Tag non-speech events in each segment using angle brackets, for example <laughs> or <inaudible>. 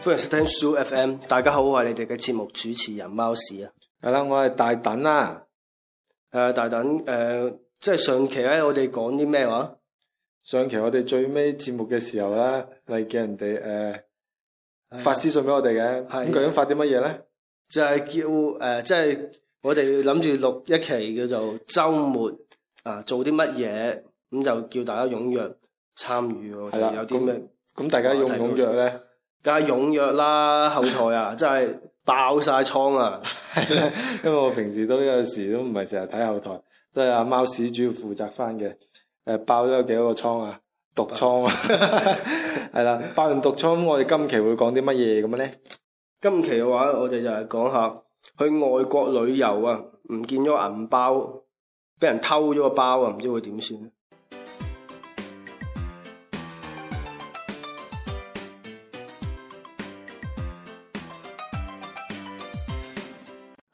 歡迎收聽 SooFM，大家好，我係你哋嘅節目主持人貓屎啊。係啦，我係大等啦。誒，大等誒、啊，即係上期咧，我哋講啲咩話？上期我哋最尾節目嘅時候咧，嚟叫人哋誒、啊、發私信俾我哋嘅。嘅。咁究竟發啲乜嘢咧？就係叫誒，即係我哋諗住錄一期叫做周末啊，做啲乜嘢？咁就叫大家踴躍參與喎，係啦。咁大家踴唔踴躍咧，梗係踴躍啦。後台啊， <laughs> 真係爆晒倉啊， <laughs> <laughs> 因為我平時都有時都唔係成日睇後台，都係阿貓屎主要負責翻嘅。誒，爆咗有幾多個倉啊？毒倉係啦， <laughs> <laughs> <laughs> 爆完毒倉，我哋今期會講啲乜嘢咁咧？今期嘅話，我哋就係講下去外國旅遊啊，唔見咗銀包，俾人偷咗個包啊，唔知會點算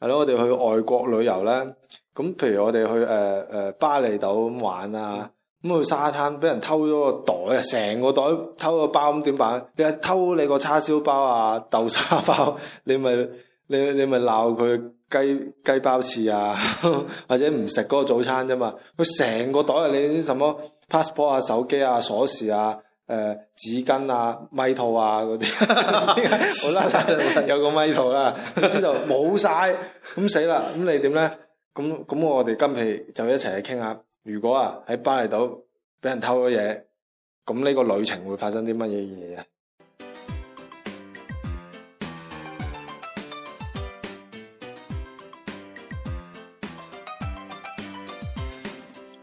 係咯，我哋去外國旅遊咧，咁譬如我哋去誒誒、呃呃、巴厘島咁玩啊，咁去沙灘俾人偷咗個袋啊，成個袋偷個包咁點辦？你係偷你個叉燒包啊、豆沙包，你咪你你咪鬧佢雞雞包翅啊， <laughs> 或者唔食嗰個早餐啫嘛？佢成個袋啊，你啲什麼 passport 啊、手機啊、鎖匙啊。誒，紙、uh, 巾啊，咪套啊，嗰啲，好、 <laughs> 啊、啦，啦，啦有個咪套啦、啊，知道冇晒，咁死啦，咁你點咧？咁咁，嗯嗯、我哋今期就一齊去傾下，如果啊喺巴厘島俾人偷咗嘢，咁呢個旅程會發生啲乜嘢嘢？啊？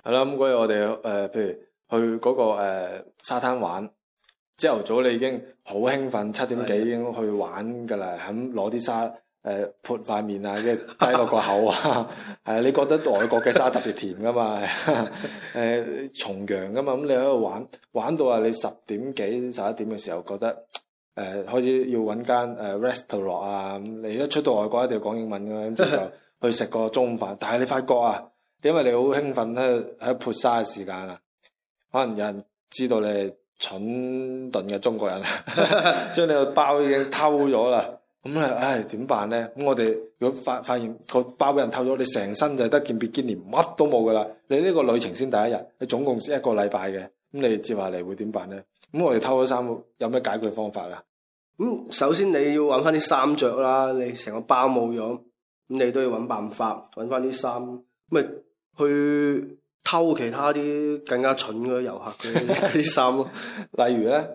係啦，咁關於我哋誒，譬如。去嗰、那個、呃、沙灘玩，朝頭早你已經好興奮，七點幾已經去玩㗎喇，咁攞啲沙誒潑塊面啊，即係低落個口啊，係你覺得外國嘅沙特別甜㗎嘛？誒、 <laughs> 呃、重洋㗎嘛，咁、嗯、你喺度玩玩到啊，你十點幾、十一點嘅時候覺得誒、呃、開始要揾間誒 restaurant 啊、嗯，你一出到外國一定要講英文咁就去食個中午飯， <laughs> 但係你發覺啊，因為你好興奮咧喺潑沙嘅時間啊～可能有人知道你係蠢鈍嘅中國人啦，將 <laughs> 你個包已經偷咗啦，咁咧、 <laughs> 嗯，唉、哎，點辦咧？咁我哋如果發發現個包俾人偷咗， <laughs> 你成身就得件比堅尼，連乜都冇噶啦。你呢個旅程先第一日，你總共先一個禮拜嘅，咁你接下嚟會點辦咧？咁我哋偷咗衫，有咩解決方法啊？咁、嗯、首先你要揾翻啲衫着啦，你成個包冇咗，咁你都要揾辦法揾翻啲衫，咁咪去。偷其他啲更加蠢嘅遊客嘅啲衫，例如咧呢，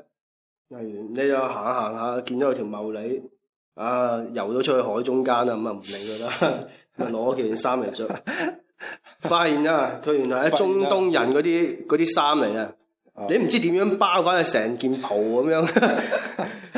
例如你又行下行下，見到有條茂利，啊，游咗出去海中間啦，咁啊唔理佢啦，攞件衫嚟着，發現啊，佢原來係中東人嗰啲啲衫嚟啊，你唔知點樣包，返去成件袍咁樣，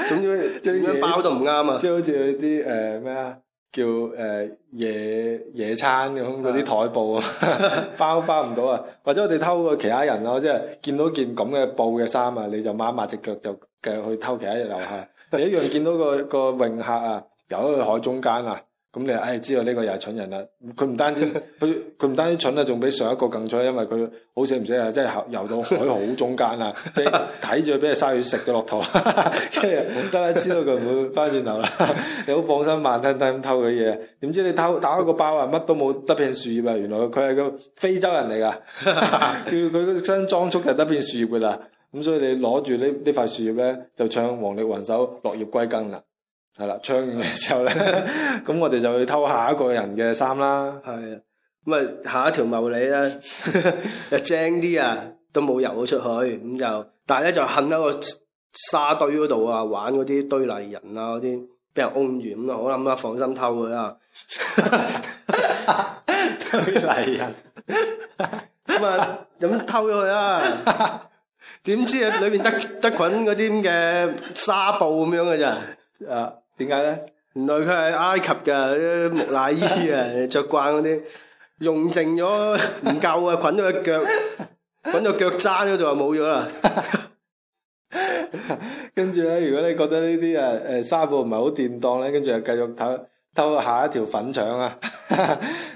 總之點樣包都唔啱啊，即係好似啲誒咩啊？叫誒野野餐咁嗰啲台布，啊 <laughs> 包包唔到啊！或者我哋偷過其他人咯，即係見到件咁嘅布嘅衫啊，你就抹抹隻腳，就繼續去偷其他嘢留下。 <laughs> 你一樣見到個個泳客啊，遊到去海中間啊！咁、嗯、你唉、哎，知道呢、這個又係蠢人啦。佢唔單止佢佢唔單止蠢啦，仲比上一個更蠢，因為佢好死唔死啊！真係游到海河中間啦，睇住俾你鯊魚食咗落肚。跟住得啦，知道佢唔會翻轉頭啦。 <laughs> 你好放心慢，慢吞吞偷佢嘢，點知你偷打開個包啊？乜都冇，得片樹葉啊！原來佢係個非洲人嚟噶，佢佢個身裝束就得片樹葉噶啦。咁所以你攞住呢呢塊樹葉咧，就唱《王力宏首落葉歸根》啦。係啦，唱完嘅時候咧，咁 <laughs> 我哋就去偷下一個人嘅衫啦。係啊，咁啊下一條茂利啦， <laughs> 又正啲啊，都冇遊到出去，咁就，但係咧就瞓喺個沙堆嗰度啊，玩嗰啲堆泥人啊嗰啲，俾人擁住咁咯，我諗啊放心偷佢啊。 <laughs> 堆泥人，咁 <laughs> 啊，咁偷咗去啊，點知啊裏面得得菌嗰啲咁嘅沙布咁樣嘅咋？啊！ <laughs> 點解咧？呢原來佢係埃及嘅木乃伊啊，着慣嗰啲用剩咗唔夠啊，捆咗隻腳，捆咗腳踭度就冇咗啦。跟住咧，如果你覺得呢啲誒誒沙布唔係好掂當咧，跟住又繼續偷偷下一條粉腸啊。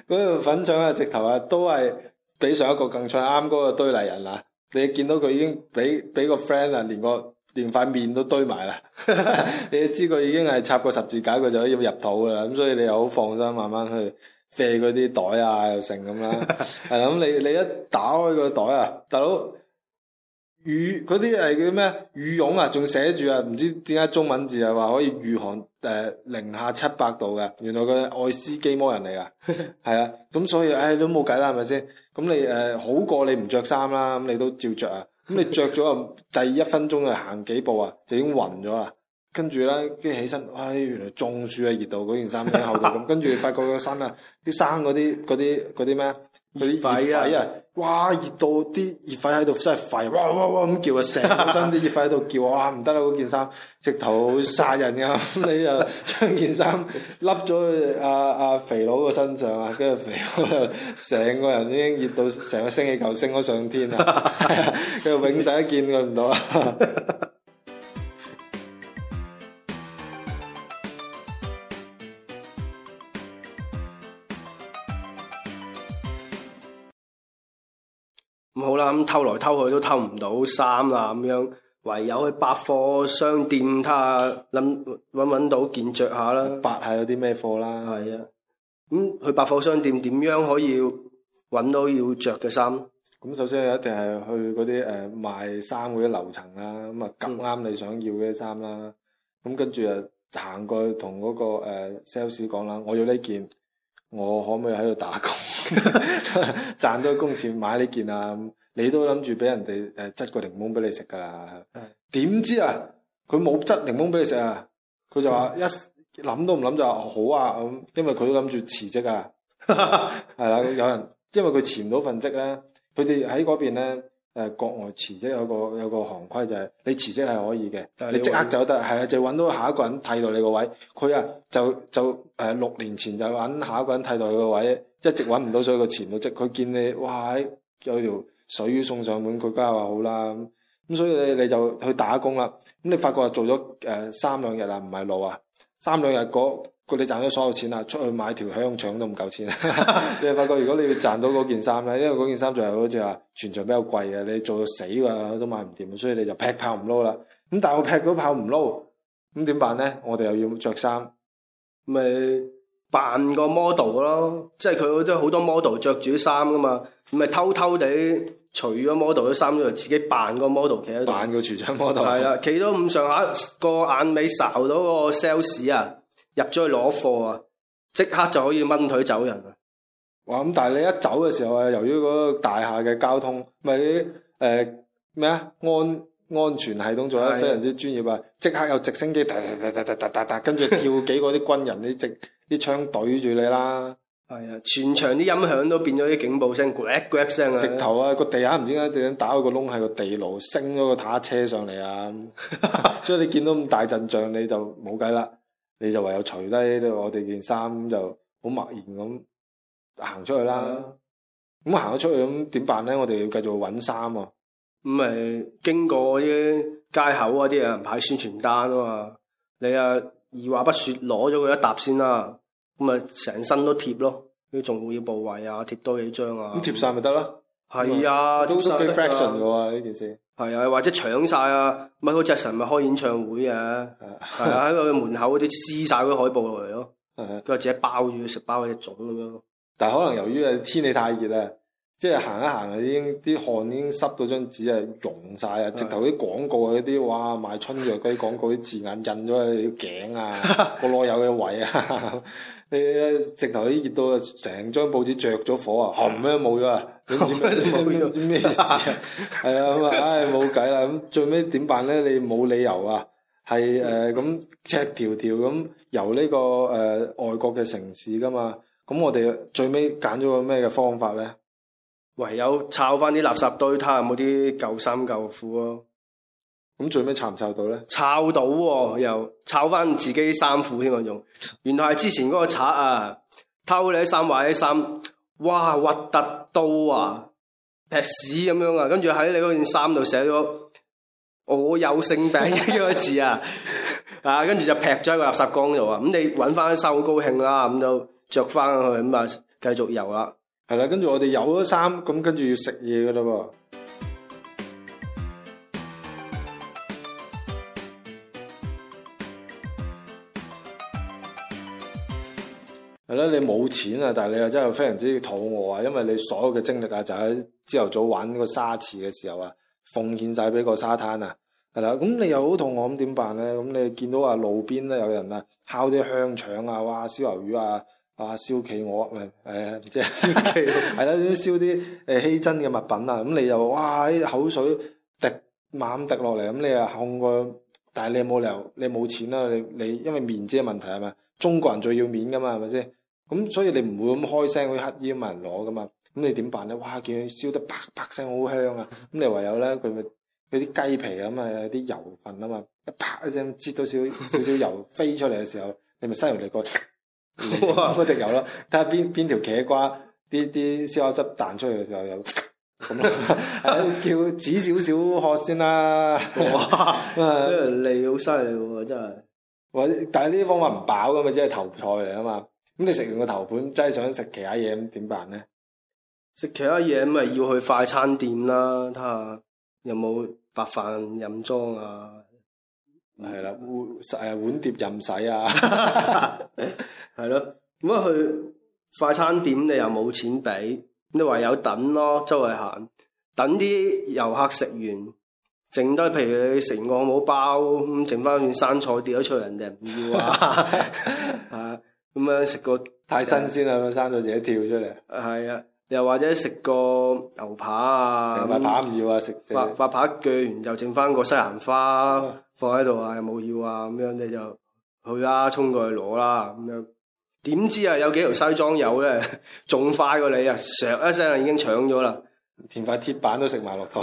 嗰 <laughs> 條粉腸啊，直頭啊都係比上一個更彩啱嗰個堆泥人啊！你見到佢已經俾俾個 friend 啊，連個。連塊面都堆埋啦，你知佢已經係插個十字架，佢就可以入土噶啦。咁 <laughs> <laughs> 所以你又好放心，慢慢去卸嗰啲袋啊，又剩咁啦。係啦，咁你你一打開個袋啊，大佬羽嗰啲係叫咩羽絨啊？仲寫住啊，唔知點解中文字係話可以御寒，誒、呃、零下七百度嘅。原來佢係愛斯基摩人嚟噶，係 <laughs> 啊。咁所以唉、哎、都冇計啦，係咪先？咁你誒、呃、好過你唔着衫啦，咁你都照着啊。咁 <laughs> 你着咗啊，第一分鐘啊，行幾步啊，就已經暈咗啦。跟住咧，跟住起身，哇！原來中暑啊，熱到嗰件衫喺後背咁。跟住發覺個衫啊，啲衫嗰啲嗰啲嗰啲咩？啲啊，一日，哇！熱到啲熱痱喺度真係吠，哇哇哇咁叫啊！成個身啲熱痱喺度叫，哇！唔得啦，嗰件衫直頭殺人噶，咁 <laughs> 你就將件衫笠咗去阿阿肥佬個身上啊，跟住肥佬就成個人已經熱到成個星升氣球升咗上天 <laughs> 啊，佢永世都見佢唔到啊！哈哈偷來偷去都偷唔到衫啦，咁樣唯有去百貨商店睇下，諗搵搵到件着下百啦。百係有啲咩貨啦？係、嗯、啊，咁去百貨商店點樣可以搵到要着嘅衫？咁首先一定係去嗰啲誒賣衫嗰啲樓層啦，咁啊咁啱你想要嘅衫啦。咁跟住啊行過去同嗰個誒 sales 講啦，我要呢件，我可唔可以喺度打工 <laughs> 賺多工錢買呢件啊？你都諗住俾人哋誒執個檸檬俾你食噶啦？點知啊，佢冇執檸檬俾你食啊！佢就話一諗都唔諗就話好啊咁，因為佢都諗住辭職啊。係啦， <laughs> 有人因為佢辭唔到份職咧，佢哋喺嗰邊咧誒國外辭職有個有個行規就係你辭職係可以嘅，但係你即刻走得係啊，就揾到下一個人替代你個位。佢啊就就誒六年前就揾下一個人替代佢個位，一直揾唔到，所以佢辭唔到職。佢見你哇有條。水於送上門，國家話好啦。咁所以你你就去打工啦。咁你發覺做咗誒三兩日啊，唔係路啊，三兩日嗰佢哋賺咗所有錢啦，出去買條香腸都唔夠錢。 <laughs> 你發覺如果你要賺到嗰件衫咧，因為嗰件衫就係好似話全場比較貴嘅，你做到死㗎都買唔掂，所以你就劈炮唔撈啦。咁但係我劈到炮唔撈，咁點辦咧？我哋又要着衫，咪～扮個 model 咯，即係佢都好多 model 著住啲衫噶嘛，咪偷偷地除咗 model 啲衫，就自己扮個 model 企喺度扮個廚長 model。係啦，企到咁上下個眼尾睄到嗰個 sales 啊，入咗去攞貨啊，即刻就可以掹腿走人啊！哇，咁但係你一走嘅時候啊，由於嗰個大廈嘅交通，咪誒咩啊？安安全系統做得非常之專業啊！即刻有直升機，突突突突突，跟住跳幾個啲軍人啲直。啲槍對住你啦，係啊！全場啲音響都變咗啲警報聲，嗰一聲啊！直頭啊，地個地下唔知點解突然間打到個窿，喺個地牢升咗個坦克車上嚟啊！所以你見到咁大陣仗，你就冇計啦，你就唯有除低呢度我哋件衫，就好默然咁行出去啦。咁行咗出去咁點辦咧？我哋要繼續揾衫啊！咁咪經過啲街口嗰啲人派宣傳單啊嘛，你啊二話不説攞咗佢一沓先啦～咁咪成身都貼咯，都重要部位啊，貼多幾張啊。咁貼晒咪得咯。係啊，都都幾 fashion 嘅呢件事。係啊，或者搶晒啊，乜嗰隻神咪開演唱會 <laughs> 啊，係啊，喺個門口嗰啲撕晒嗰啲海報落嚟咯。佢話 <laughs> 自己包住佢食包隻粽咁樣。 <laughs> 但係可能由於係天氣太熱啊。 <laughs> 即係行一行，已經啲汗已經濕到張紙啊，溶晒啊！直頭啲廣告嗰啲哇，賣春藥嗰啲廣告啲字眼印咗你頸啊，個 <laughs> 囉柚嘅位啊，你 <laughs> 直頭啲熱到成張報紙着咗火啊，冚咩冇咗啊，唔知咩事啊，係啊咁啊，唉冇計啦，咁最尾點辦咧？你冇理由啊，係誒咁赤條條咁遊呢個誒、呃、外國嘅城市噶嘛，咁我哋最尾揀咗個咩嘅方法咧？唯有抄翻啲垃圾堆，睇下有冇啲舊衫舊褲咯。咁最尾抄唔抄到咧？抄到喎、啊，又抄翻自己衫褲添啊！用原來係之前嗰個賊啊，偷你啲衫，話啲衫，哇，核突到啊，劈屎咁樣啊！跟住喺你嗰件衫度寫咗我有性病呢個字啊， <laughs> 啊！跟住就劈咗喺個垃圾缸度、嗯、啊！咁你搵翻啲衫好高興啦，咁就着翻佢，咁啊繼續游啦。係啦，跟住我哋有咗衫，咁跟住要食嘢噶啦噃。係啦， <music> 你冇錢啊，但係你又真係非常之肚餓啊，因為你所有嘅精力啊，就喺朝頭早玩呢個沙池嘅時候啊，奉獻晒俾個沙灘啊。係啦，咁你又好肚餓，咁點辦咧？咁你見到啊路邊咧有人啊烤啲香腸啊，哇燒魷魚啊。啊！燒企鵝咪誒，即係燒企鵝係啦，燒啲誒稀珍嘅物品啊！咁、嗯、你又哇，口水滴猛滴落嚟，咁、嗯、你又控個，但係你有冇理由，你冇錢啦，你你因為面子問題係咪？中國人最要面噶嘛，係咪先？咁、嗯、所以你唔會咁開聲去乞衣咁問人攞噶嘛？咁、嗯、你點辦咧？哇！見佢燒得啪啪聲好香啊！咁、嗯、你唯有咧，佢咪佢啲雞皮啊，咁啊啲油份啊嘛，一啪一聲，擠到少少少，少，少少少油飛出嚟嘅時候，你咪犀牛鼻個。 <laughs> <laughs> 嗰隻、嗯、 <laughs> 有咯，睇下邊邊條茄瓜啲啲燒烤汁彈出嚟就有咁、 <laughs> 哎，叫止少少渴先啦。哇！你好犀利喎，真係。喂，但係呢啲方法唔飽㗎嘛，即係頭菜嚟啊嘛。咁你食完個頭盤，真係想食其他嘢，咁點辦咧？食其他嘢咪要去快餐店啦，睇下有冇白飯飲裝啊？.係啦，碗誒碗碟任洗啊， <laughs> 係咯。咁啊去快餐店你，你又冇錢俾，你唯有等咯。周圍行，等啲遊客食完，剩低譬如你成個冇包，咁剩翻去生菜，跌咗出嚟，人哋唔要啊。咁 <laughs> <laughs> 啊食個 <laughs> 太新鮮啦，咁生菜自己跳出嚟。係啊。又或者食個牛扒啊，成塊膽唔要啊，食食，塊塊扒鋸完就剩翻個西蘭花放喺度啊，有冇要啊？咁樣你就去啦，衝過去攞啦咁樣。點知啊，有幾條西裝友咧仲快過你啊，啄一聲已經搶咗啦，填塊鐵板都食埋落肚。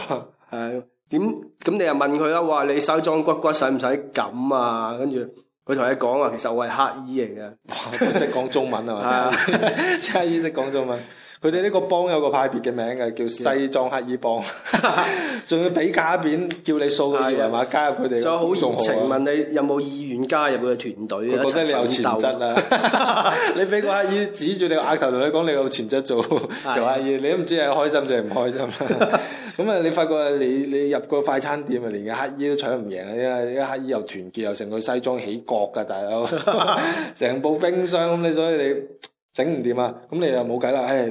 誒，點咁你又問佢啦，話，你西裝骨骨使唔使噉啊？跟住佢同你講話，其實我係黑衣嚟嘅，識講中文啊？真係黑衣識講中文。佢哋呢個幫有個派別嘅名嘅，叫西裝乞衣幫，仲要俾卡片叫你掃個二維碼加入佢哋。就很好熱情問你有冇意願加入佢嘅團隊。覺得你有潛質啊！ <laughs> <laughs> 你俾個乞衣指住你個額頭同你講你有潛質做的做乞衣，你都唔知係開心定係唔開心咁啊， <laughs> <laughs> 你發覺你你，你入個快餐店啊，連個乞衣都搶唔贏啊！因為啲乞衣又團結又成個西裝起角㗎大佬，成 <laughs> 部冰箱咁你，所以你，所以你。整唔掂啊！咁你又冇計啦，誒、哎、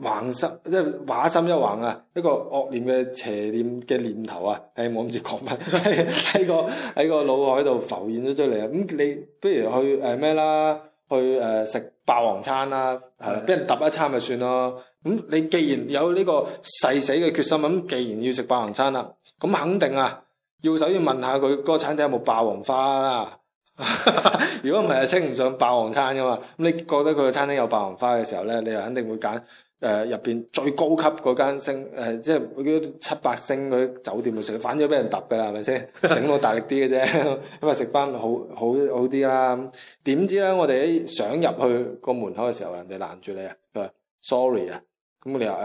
橫心即係畫心一橫啊！一個惡念嘅邪念嘅念頭啊，誒我唔知講乜喺個喺個腦海度浮現咗出嚟啊！咁你不如去誒咩啦？去誒食、呃、霸王餐啦、啊，俾的人揼一餐咪算咯。咁你既然有呢個誓死嘅決心，咁既然要食霸王餐啦、啊，咁肯定啊，要首先問下佢嗰個餐廳有冇霸王花啦、啊。 <laughs> 如果唔係啊，稱唔上霸王餐噶嘛？咁你覺得佢個餐廳有霸王花嘅時候咧，你又肯定會揀誒入邊最高級嗰間星誒、呃，即係嗰啲七八星啲酒店去食，反咗俾人揼噶 <laughs> 啦，係咪先？頂到大力啲嘅啫，因為食翻好好好啲啦。點知咧，我哋想入去個門口嘅時候，人哋攔住你啊，佢話 sorry 啊。咁你哋話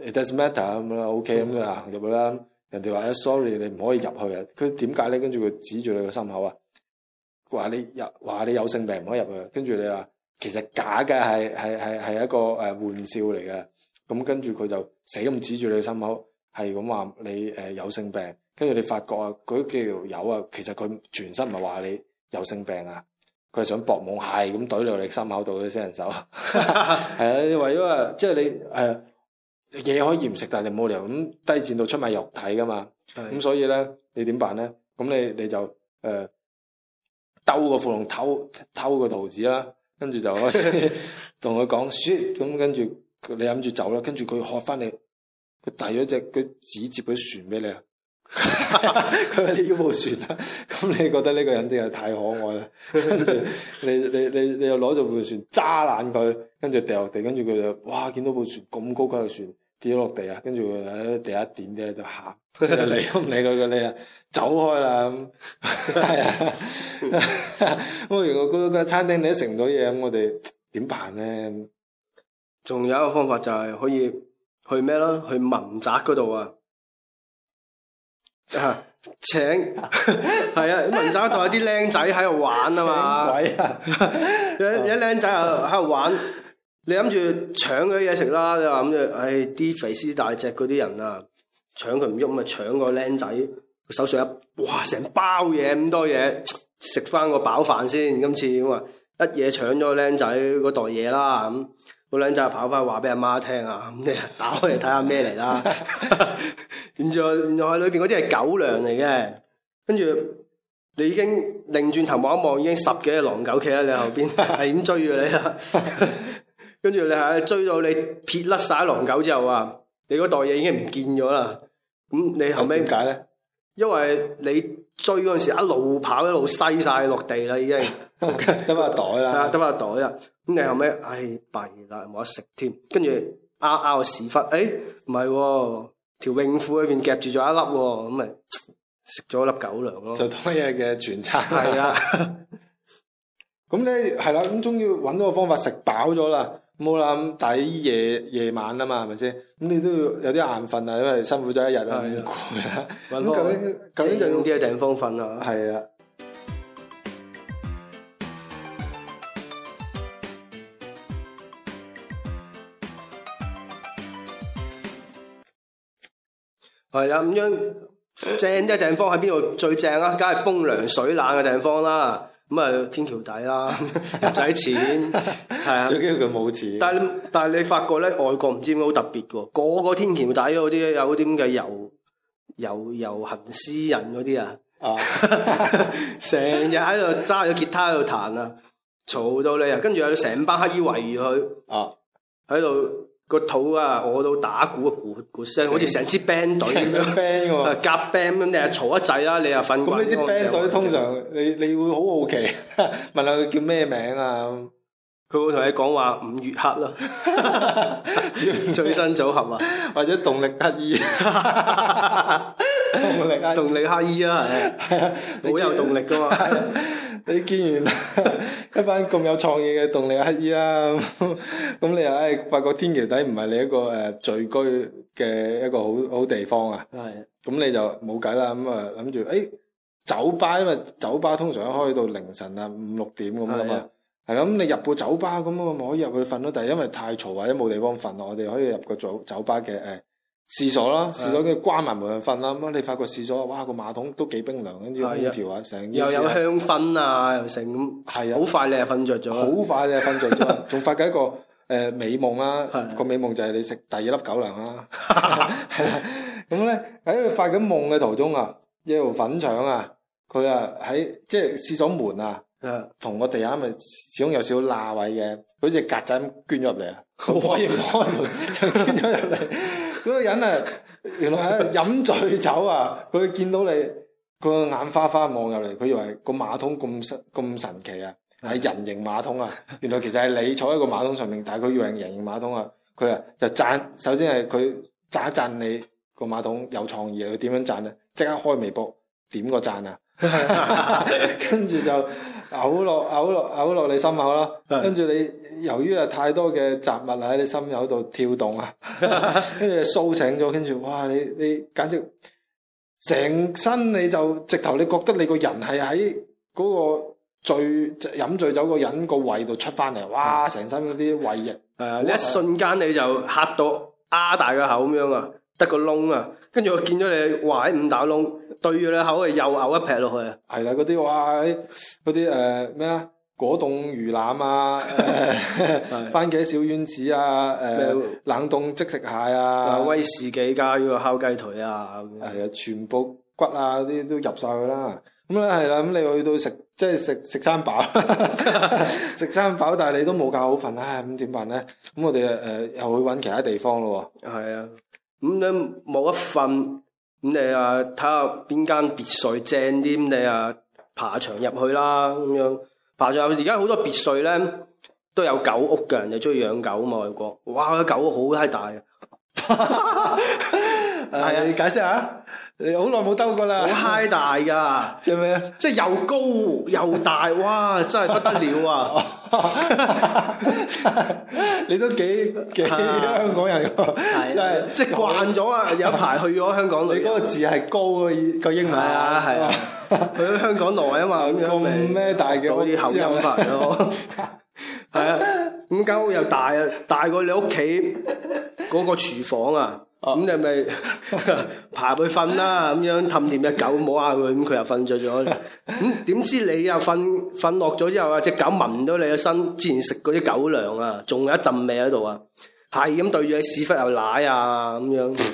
誒，it doesn't matter 咁啦，ok 咁啊行入啦。人哋話 sorry，你唔可以入去啊。佢點解咧？跟住佢指住你個心口啊。話你入，話你有性病唔可以入去，跟住你話其實假嘅，係係係係一個誒玩笑嚟嘅，咁跟住佢就死咁指住你心口，係咁話你誒有性病，跟住你發覺啊嗰幾條友啊，其，其實佢全身唔係話你有性病啊，佢係想搏懵蟹咁懟落你心口度啲死人手， <laughs> <laughs> 係啊，為咗啊，即係你誒嘢可以唔食，但係你冇理由咁低賤到出賣肉體噶嘛 <laughs> 的，咁所以咧你點辦咧？咁你你就誒。呃兜個伏龍偷偷個桃子啦，跟住就同佢講，咁 <laughs> 跟住你諗住走啦，跟住佢學翻你，佢遞咗隻佢指接佢船俾你，佢話呢部船啦，咁、嗯、你覺得呢個人真係太可愛啦？ <laughs> 跟住你你你你又攞咗部船揸爛佢，跟住掉落地，跟住佢就哇見到部船咁高級嘅船。跌落地啊，跟住喺地下點喺度喊，你就理都唔理佢你啊，走開啦咁。係啊，咁如果嗰個餐廳你都食唔到嘢咁，我哋點辦咧？仲有一個方法就係可以去咩咯？去文宅嗰度啊，啊請，係 <laughs> <laughs> 啊，文宅嗰度有啲僆仔喺度玩啊嘛，有有僆仔喺度玩。你諗住搶佢啲嘢食啦，你話咁就，唉，啲肥屍大隻嗰啲人啊，搶佢唔喐，咪搶個僆仔，手上一，哇，成包嘢咁多嘢，食翻個飽飯先。今次咁啊，一嘢搶咗個僆仔嗰袋嘢啦，咁個僆仔跑翻話俾阿媽聽啊，咁你打開嚟睇下咩嚟啦，然之後，然之後裏邊嗰啲係狗糧嚟嘅，跟住你已經擰轉頭望一望，已經十幾隻狼狗企喺你後邊，係咁追住你啦。 <laughs> 跟住你係追到你撇甩晒狼狗之後啊，你嗰袋嘢已經唔見咗啦。咁你後尾點解咧？為呢因為你追嗰陣時一路跑一路篩晒落地啦，已經。 <laughs> 得翻袋啦。係、哎、啊，得翻袋啦。咁你後尾唉弊啦，冇得食添。跟住拗拗屎忽，誒唔係，條泳褲裏邊夾住咗一粒，咁咪食咗粒狗糧咯。 <laughs> 就當日嘅全餐。係 <laughs> 啊。咁咧係啦，咁終於揾到個方法食飽咗啦。冇諗抵夜晚啊嘛，係咪先？咁你都要有啲眼瞓啊，因為辛苦咗一日啊，唔攰。啊，咁咁就要啲地方瞓啦，係啊。係啦，咁樣正嘅地方喺邊度最正啊？梗係風涼水冷嘅地方啦。咁啊天橋底啦，唔使 <laughs> 錢，係啊 <laughs> 的，最緊要佢冇錢。 <laughs> 但係你但係你發覺咧，外國唔知點解好特別嘅喎，嗰個天橋底嗰啲有啲咁嘅遊遊遊行詩人嗰啲啊， <laughs> <laughs> 啊，成日喺度揸住吉他喺度彈啊，嘈到你、嗯、啊，跟住有成班乞兒圍住佢，啊，喺度。個肚啊，餓到打鼓，鼓，鼓啊，鼓鼓聲，好似成支 band 隊咁，成個 band 㗎喎，夾 band 咁，你又嘈、嗯、一陣啦，你又瞓。咁呢啲 band 隊通常，你你會好好奇， <laughs> 問下佢叫咩名啊？佢會同你講話五月黑咯，最新組合啊，或者動力乞衣，動力乞衣啊，係啊，好有動力噶嘛？你見完一班咁有創意嘅動力乞衣啦，咁你又誒發覺天橋底唔係你一個誒聚居嘅一個好好地方啊？係，咁你就冇計啦。咁啊諗住誒酒吧，因為酒吧通常一開到凌晨啊五六點咁樣啊。係啦，咁你入個酒吧咁，我咪可以入去瞓咯。但係因為太嘈或者冇地方瞓咯，我哋可以入個酒酒吧嘅誒廁所啦，廁所佢關埋門去瞓啦。咁的你發覺廁所哇個馬桶都幾冰涼，跟住空調啊，成又有香薰啊，又成，咁的，係啊，好快你就瞓着咗，好快你就瞓着咗，仲發緊一個誒美夢啦。個 <laughs> 美夢就係你食第二粒狗糧啦。係啦， <laughs> <laughs> <laughs> 咁咧喺你發緊夢嘅途中啊，一條粉腸啊，佢啊喺即係廁所門啊。誒，同個地下咪始終有少罅位嘅，好似曱甴捐入嚟啊！ <laughs> 可以開門就捐咗入嚟，嗰 <laughs> 個人啊，原來喺度飲醉酒啊！佢見到你個眼花花望入嚟，佢以為個馬桶咁神咁神奇啊，係 <laughs> 人形馬桶啊！原來其實係你坐喺個馬桶上面，但係佢以為人形馬桶啊，佢啊就讚，首先係佢讚一讚你個馬桶有創意，啊。佢點樣讚咧？即刻開微博點個讚啊！ <laughs> 跟住就嘔落嘔落嘔落你心口啦，跟住你由於啊太多嘅雜物喺你心口度跳動啊，跟住蘇醒咗，跟住哇你你簡直成身你就直頭你覺得你個人係喺嗰個醉飲醉酒個人個胃度出翻嚟，哇成是的 身嗰啲胃液，誒的一瞬間你就吓到啊大個口咁樣啊，得個窿啊。跟住我見咗你話，喺五打窿對住你口，又牛一劈落去啊！係啦，嗰啲話，嗰啲誒咩啊？果凍魚腩啊，番茄小丸子啊，誒冷凍即食蟹啊，威士忌加個烤雞腿啊，係啊！全部骨啊啲都入晒去啦。咁咧係啦，咁你去到食即係食食餐飽，食餐飽，但係你都冇覺好瞓啦。咁點辦咧？咁我哋誒又去揾其他地方咯喎。係啊。咁、嗯、你冇一瞓，咁、嗯、你啊睇下邊間別墅正啲，咁、嗯、你啊爬牆入去啦，咁樣爬牆入去。而家好多別墅咧都有狗屋嘅，人就中意養狗啊嘛，外國，哇，啲、那個、狗屋好嗨大呀，係 <laughs> 啊，啊你解釋下， <laughs> 你好耐冇兜過啦，好嗨大噶， <laughs> 是是即係咩？即係又高又大，哇，真係不得了啊！ <laughs> <laughs> <laughs> 你都幾幾香港人，真係即係慣咗啊！有排 <laughs> 去咗香港你嗰個字係高個個英文啊，係去咗香港耐啊嘛，咁樣咩大嘅口音法咯。 <laughs> <laughs> 係啊，咁間屋又大啊，大過你屋企嗰個廚房啊，咁、啊嗯、你咪爬入去瞓啦，咁樣氹掂隻狗摸下佢，咁佢又瞓着咗。咁、嗯、點知你又瞓瞓落咗之後啊，隻狗聞到你個身，之前食嗰啲狗糧啊，仲有一陣味喺度啊，係咁 <laughs> <laughs> 對住你屎忽又舐啊，咁樣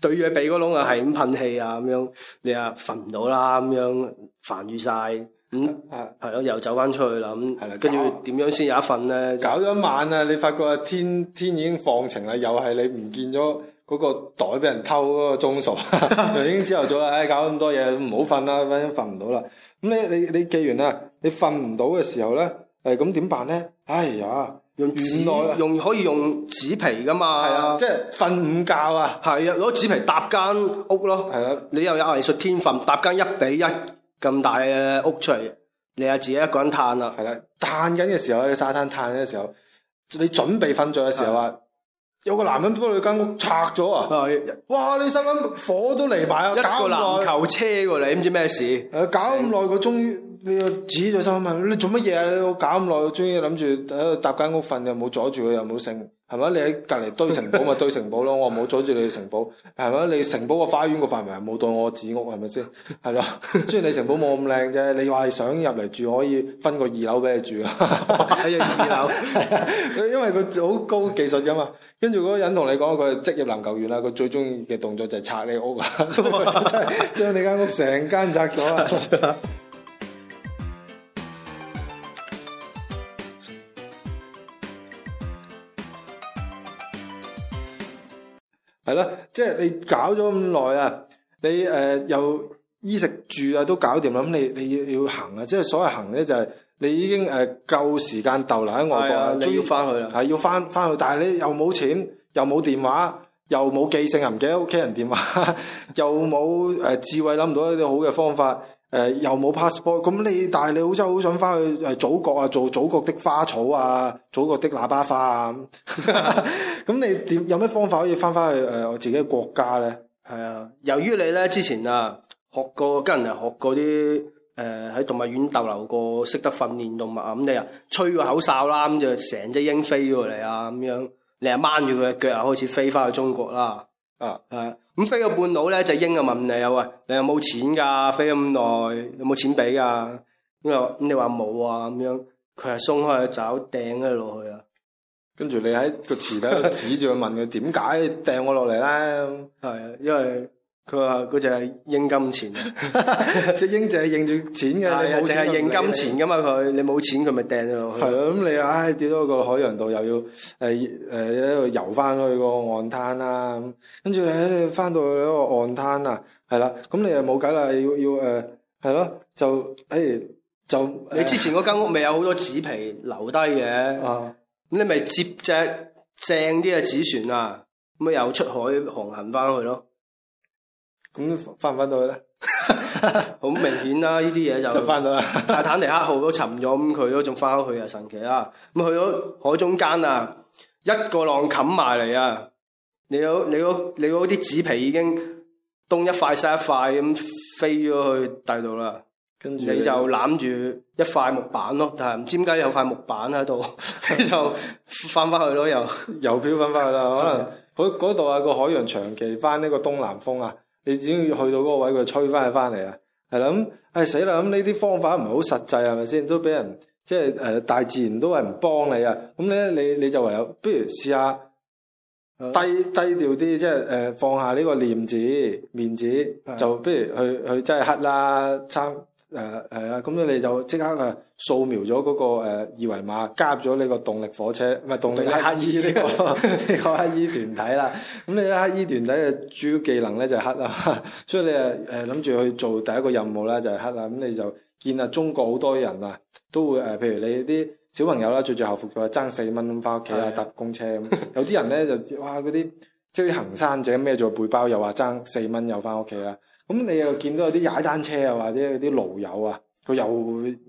對住你鼻哥窿啊，係咁噴氣啊，咁樣你啊瞓唔到啦，咁樣，樣煩住晒。咁係咯，又走翻出去啦。咁跟住點樣先有一瞓咧？搞咗一晚啊！你發覺啊，天天已經放晴啦，又係你唔見咗嗰個袋俾人偷嗰個鐘數， <laughs> 已經朝頭早啦。唉、哎，搞咁多嘢，唔好瞓啦，反正瞓唔到啦。咁你你你既然啊，你瞓唔到嘅時候咧，誒咁點辦咧？哎呀，用紙紙來用可以用紙皮㗎嘛？係啊，即係瞓午覺啊。係啊，攞紙皮搭間屋咯。係啊的，你又有藝術天份，的搭間一,一比一。咁大嘅屋出嚟，你啊自己一個人嘆啦，係啦，嘆緊嘅時候喺沙灘嘆緊嘅時候，你準備瞓著嘅時候話，的有個男人幫你間屋拆咗啊！的哇，你心諗火都嚟埋啦，搞一個籃球車過嚟，啊、你，唔知咩事，誒、啊、搞咁耐，佢終於～你要指住手問你做乜嘢啊？你搞咁耐，終於諗住搭間屋瞓，又冇阻住佢，又冇剩，係咪你喺隔籬堆城堡咪堆城堡咯？ <laughs> 我冇阻住你嘅城堡，係咪你城堡個花園個範圍係冇到我住屋，係咪先？係咯，雖 <laughs> 然你城堡冇咁靚嘅，你話係想入嚟住可以分個二樓俾你住啊？俾 <laughs> 人二樓樓， <laughs> 因為佢好高技術噶嘛。跟住嗰個人同你講，佢係職業籃球員啦，佢最中意嘅動作就係拆你屋啊，將 <laughs> 你間屋成間拆咗啊！ <laughs> <laughs> 係啦，即係你搞咗咁耐啊，你誒、呃、又衣食住啊都搞掂啦，咁你你要你要行啊，即係所謂行咧就係你已經誒夠時間逗留喺外國，的於你要翻去啦，係要翻翻去，但係你又冇錢，又冇電話，又冇記性，又唔記得屋企人電話， <laughs> 又冇誒智慧，諗唔到一啲好嘅方法。誒、呃、又冇 passport，咁你但係你好真係好想翻去誒祖國啊，做祖國的花草啊，祖國的喇叭花啊，咁 <laughs> <laughs> 你點有咩方法可以翻翻去誒我、呃、自己嘅國家咧？係啊，由於你咧之前啊學過，跟人學過啲誒喺動物園逗留過，識得訓練動物啊，咁、嗯、你啊吹個口哨啦，咁就成隻鷹飛過嚟啊咁樣，你啊掹住佢嘅腳啊開始飛翻去中國啦，啊係。咁飛咗半路咧，就應啊問你，啊喂，你有冇錢㗎？飛咁耐，有冇錢俾㗎？咁又咁你話冇啊？咁樣，佢係鬆開個爪掟咗落去啊！跟住你喺個池底下指住佢問，佢點解你掟我落嚟咧？係啊，因為。佢話佢就係認金錢嘛，隻英 <laughs> 就係認住錢嘅，淨係認金錢噶嘛佢，你冇錢佢咪掟咗落去。係啊，咁你啊、哎，掉咗個海洋度又要誒誒喺度游翻去個岸灘啦、啊，跟住咧你翻到嗰個岸灘啊，係啦、啊，咁你又冇計啦，要要誒係咯，就誒、哎、就、呃、你之前嗰間屋咪有好多紙皮留低嘅，咁、啊、你咪接隻正啲嘅紙船啊，咁咪又出海航行翻去咯。咁翻唔翻到去咧？好 <laughs> 明顯啦，呢啲嘢就翻到啦。泰坦尼克號都沉咗，咁佢都仲翻翻去啊，神奇啦！咁去咗海中間啊，一個浪冚埋嚟啊！你嗰你你啲紙皮已經東一塊西一塊咁飛咗去第度啦，跟住著你就攬住一塊木板咯。但係唔知點解有塊木板喺度？ <laughs> 就翻翻去咯，又又漂翻翻去啦。 <laughs> 可能嗰度啊個海洋長期翻呢個東南風啊。你只要去到嗰個位，佢吹翻佢翻嚟啊，係啦咁，唉、哎、死啦咁，呢啲方法唔係好實際係咪先？都俾人即係誒大自然都係唔幫你啊！咁咧你你就唯有不如試下低低調啲，即係誒放下呢個念字、面子，是的 就不如去去，去真係乞啦參。誒係啊，咁、嗯嗯、你哋就即刻誒掃描咗嗰、那個、呃、二維碼，加入咗呢個動力火車，唔、呃、係動力乞衣呢個呢個乞衣團體啦。咁你乞衣團體嘅主要技能咧就係乞啦，所以你誒誒諗住去做第一個任務咧就係乞啦。咁、嗯、你就見啊，中國好多人啊，都會誒、呃，譬如你啲小朋友啦，著住校服嘅話爭四蚊咁翻屋企啦，搭公的車咁。 <laughs> 有啲人咧就哇嗰啲即係行山者咩做背包，又話爭四蚊又翻屋企啦。咁你又見到有啲踩單車啊，或者有啲驢友啊，佢又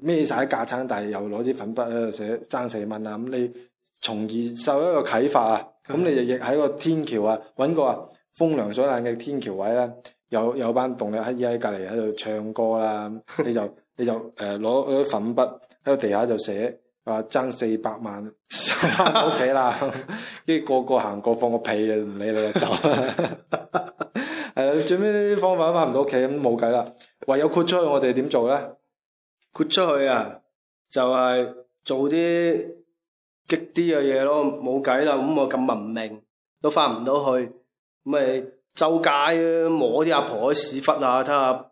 孭晒架撐，但係又攞支粉筆喺度寫爭四蚊啦。咁、啊、你從而受一個啟發啊，咁你日日喺個天橋啊，揾個風涼水冷嘅天橋位咧、啊，有有班動力喺喺隔離喺度唱歌啦、啊，你就你就誒攞攞粉筆喺個 <laughs> 地下就寫話爭四百萬收翻屋企啦，跟住 <laughs> <laughs> 個個行過放個屁啊，唔理你就走。 <laughs> <laughs> 誒、嗯，最尾呢啲方法都翻唔到屋企，咁冇計啦，唯有豁出去。我哋點做咧？豁出去啊，就係、是、做啲激啲嘅嘢咯，冇計啦。咁我咁文明都翻唔到去，咪周街啊，摸啲阿婆，婆屎忽啊，睇下。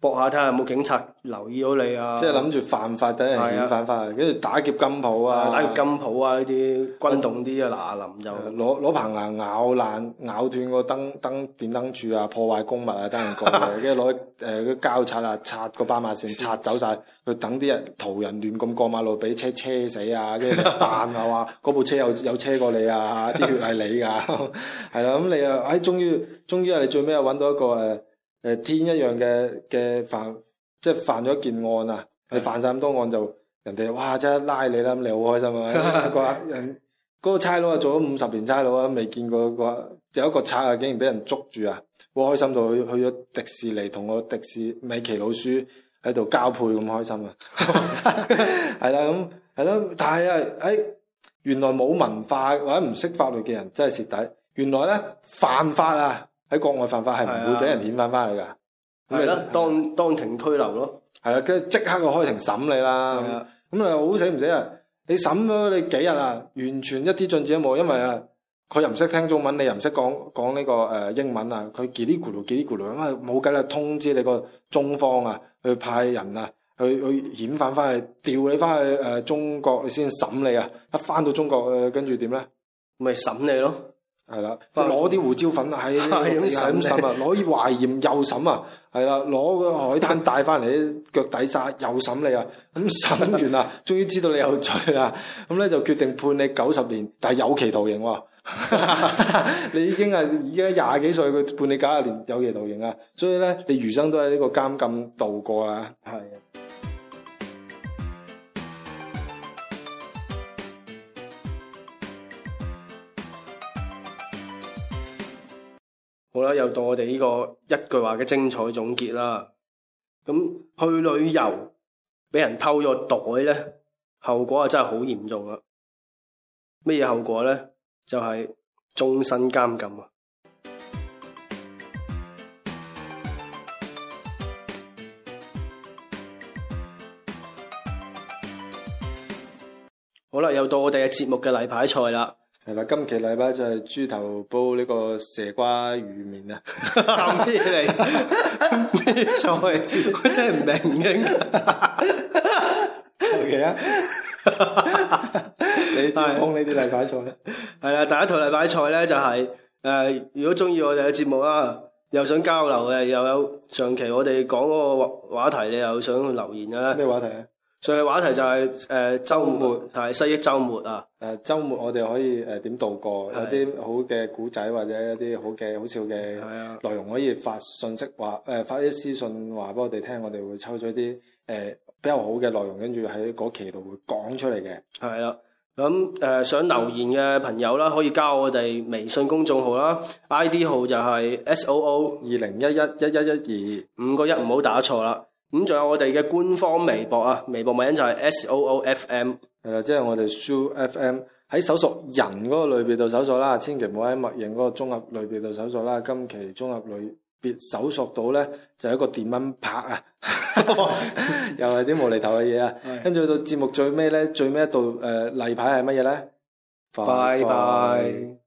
搏下睇下有冇警察留意到你啊！即係諗住犯法等人嫌犯法，跟住打劫金鋪啊，打劫金鋪啊呢啲，轟動啲啊，嗱阿林又攞攞棚牙咬爛咬斷個燈燈電燈柱啊，破壞公物啊，等人告嘅，跟住攞誒個膠擦啊，擦個斑馬線，擦走晒。佢等啲人途人亂咁過馬路，俾車車死啊，跟住彈啊話嗰部車有有車過你啊，啲血係你㗎，係啦，咁你又唉，終於終於係你最尾又揾到一個誒。 <laughs> <laughs> <laughs> 誒，天一樣嘅嘅犯，即係犯咗一件案啊的！你犯晒咁多案就人哋哇，真係拉你啦，咁你好開心啊！嗰日，嗰個差佬啊，做咗五十年差佬啊，未見過，嗰個有一個賊啊，竟然俾人捉住啊！好開心到去去咗迪士尼同個迪士尼米奇老鼠喺度交配咁開心啊！係 <laughs> 啦， <laughs> <laughs> 咁係咯，但係誒、哎，原來冇文化或者唔識法律嘅人真係蝕底。原來咧犯法啊！喺國外犯法係唔會俾人遣返翻去噶了，咁咪當當庭拘留咯，係啦，跟住即刻就開庭審你啦，咁啊好死唔死啊！你審咗你幾日啊？完全一啲進展都冇，因為啊，佢又唔識聽中文，你又唔識講講呢個誒英文啊，佢嘰哩咕嚕嘰哩咕嚕，咁啊冇計啦！通知你個中方啊，去派人啊，去去遣返翻去，調你翻去誒、呃、中國，你先審你啊！一翻到中國，呃、跟住點咧？咪審你咯！係啦，攞 <noise> 啲樂胡椒粉喺，使唔、哎、審啊？攞啲懷鹽又審啊？係啦，攞個海灘帶翻嚟啲腳底沙，又審你啊！咁審完啦，終於知道你有罪啦，咁咧就決定判你九十年，但係有期徒刑喎。 <laughs> 你已經係而家廿幾歲，佢判你九十年有期徒刑啊！所以咧，你餘生都喺呢個監禁度過啦，係。好啦，又到我哋呢個一句話嘅精彩總結啦。咁去旅遊俾人偷咗袋咧，後果啊真係好嚴重啊！咩嘢後果咧？就係、是、終身監禁啊！好啦，又到我哋嘅節目嘅例牌菜啦。今期禮拜就係豬頭煲呢個蛇瓜魚麵啊！ <laughs> 咩嚟？咩菜？真係唔明嘅。OK 啊！你中意呢啲禮拜菜？係啦，第一套禮拜菜咧就係、是、 <laughs> 如果中意我哋嘅節目啦，又想交流嘅，又有上期我哋講嗰個話題，你又想留言啦？咩話題啊？上個話題就係誒周末係、嗯、西益周末啊！誒周末我哋可以誒點度過？是有啲好嘅古仔或者一啲好嘅好笑嘅內容，可以發信息話誒、啊、發啲私信話俾我哋聽，我哋會抽咗啲誒比較好嘅內容，跟住喺嗰期度會講出嚟嘅。係啦、啊，咁誒想留言嘅朋友啦，可以加我哋微信公眾號啦，I D 號就係 S O O 二零一一一一一二五個一，唔好打錯啦。咁仲有我哋嘅官方微博啊，微博名就係 S O O F M，係啦，即係我哋 SooFM 喺搜索人嗰個類別度搜索啦，千祈唔好喺默認嗰個綜合類別度搜索啦。今期綜合類別搜索到咧，就係一個電蚊拍啊， <laughs> 又係啲無厘頭嘅嘢啊。跟住、 <laughs> 嗯、到節目最尾咧，最尾一度誒，例牌係乜嘢咧？拜拜。